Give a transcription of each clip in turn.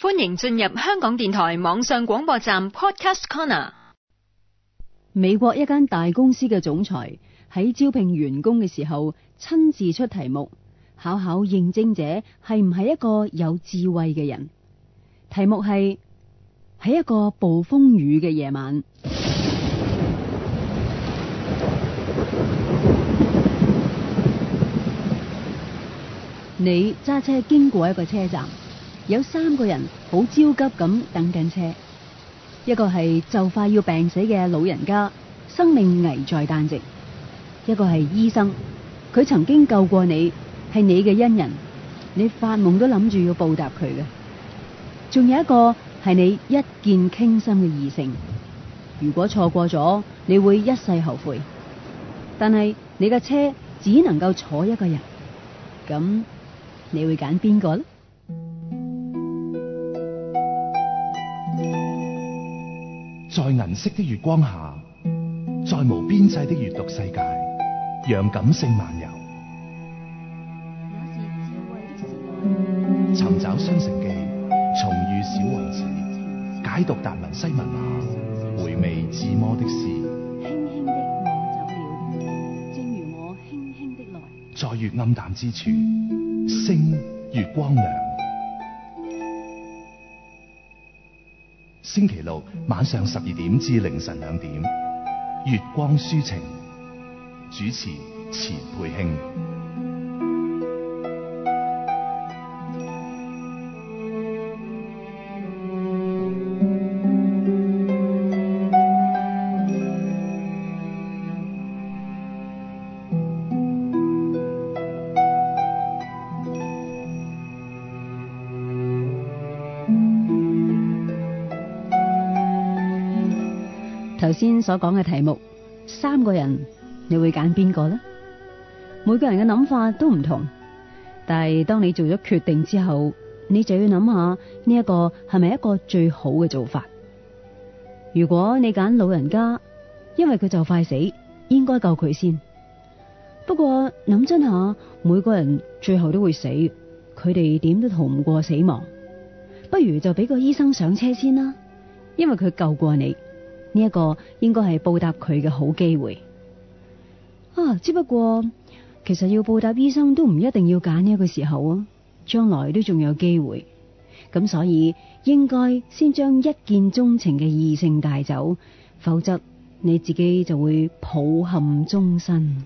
歡迎進入香港電台網上廣播站 Podcast Corner。美國一間大公司嘅總裁喺招聘員工嘅時候，親自出題目，考考應徵者係唔係一個有智慧嘅人。題目係喺一個暴風雨嘅夜晚， 你揸車經過一個車站。有三個人好焦急咁等緊車，一個係就快要病死嘅老人家，生命危在旦夕；一個係醫生，佢曾經救過你，係你嘅恩人，你發夢都諗住要報答佢嘅。仲有一個係你一見傾心嘅異性，如果錯過咗，你會一世後悔。但係你嘅車只能夠坐一個人，咁你會揀邊個呢？在銀色的月光下，在無邊際的閱讀世界，讓感性漫遊。尋找《雙城記》，重遇小王子，解讀達文西文，回味《自摸的事》輕輕的我。我我走了輕的，正如我輕輕的來。在越暗淡之處，星越光亮。星期六晚上十二點至凌晨兩點，月光書情，主持錢佩興。頭先所講嘅題目，三個人你會揀邊個呢？每個人嘅諗法都唔同，但係當你做咗決定之後，你就要諗下呢一個係咪一個最好嘅做法？如果你揀老人家，因為佢就快死，應該救佢先。不過諗真下，每個人最後都會死，佢哋點都逃唔過死亡。不如就俾個醫生上車先啦，因為佢救過你。呢一個應該係報答佢嘅好機會啊！只不過其實要報答醫生都唔一定要揀呢一個時候啊，將來都仲有機會。咁所以應該先將一見鍾情嘅異性帶走，否則你自己就會抱憾終身。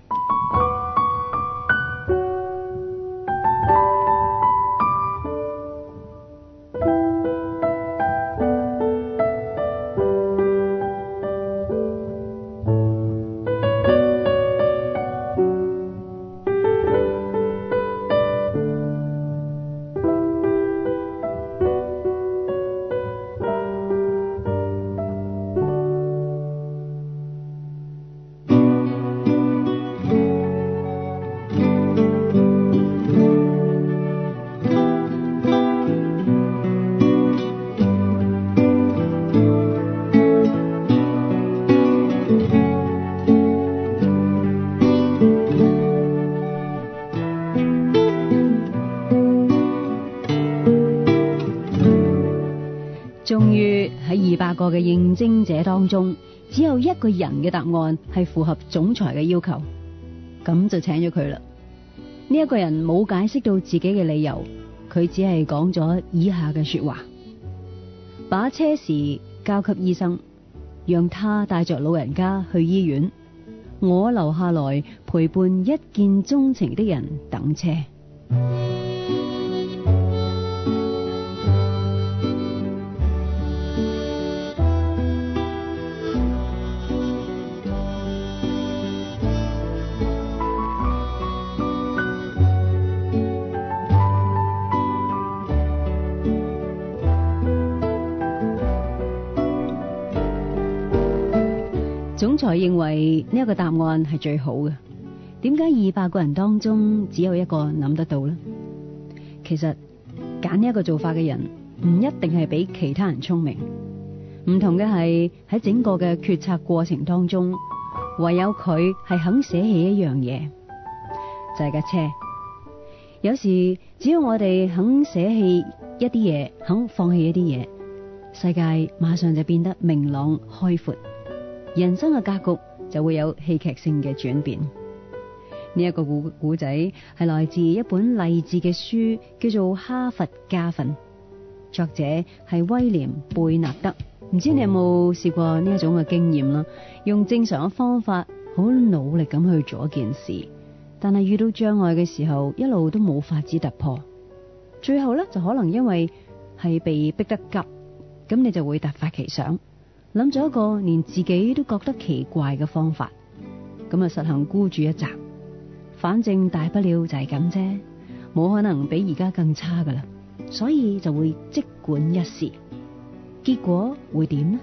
個嘅應徵者當中，只有一個人嘅答案係符合總裁嘅要求，咁就請咗佢啦。呢、這、一個人冇解釋到自己嘅理由，佢只係講咗以下嘅說話：把車匙交給醫生，讓他帶着老人家去醫院，我留下來陪伴一見鍾情的人等車。總裁認為呢個答案係最好嘅，點解二百個人當中只有一個諗得到呢？其實揀呢個做法嘅人唔一定係比其他人聰明，唔同嘅係喺整個嘅決策過程當中，唯有佢係肯捨棄一樣嘢，就係架車。有時只要我哋肯捨棄一啲嘢，肯放棄一啲嘢，世界馬上就變得明朗開闊。人生嘅格局就會有戲劇性嘅轉變。呢、這、一個古古仔係來自一本勵志嘅書，叫做《哈佛家訓》，作者係威廉貝納德。唔知你有冇試過呢一種嘅經驗啦？用正常嘅方法，好努力咁去做一件事，但係遇到障礙嘅時候，一路都冇法子突破。最後咧，就可能因為係被逼得急，咁你就會突發奇想。諗咗一個連自己都覺得奇怪嘅方法，咁啊實行孤注一擲，反正大不了就係咁啫，冇可能比而家更差噶啦，所以就會即管一試，結果會點呢？